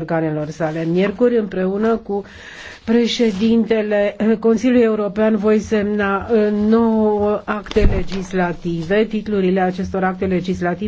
organelor sale. Miercuri, împreună cu președintele Consiliului European, voi semna uh, nouă acte legislative. Titlurile acestor acte legislative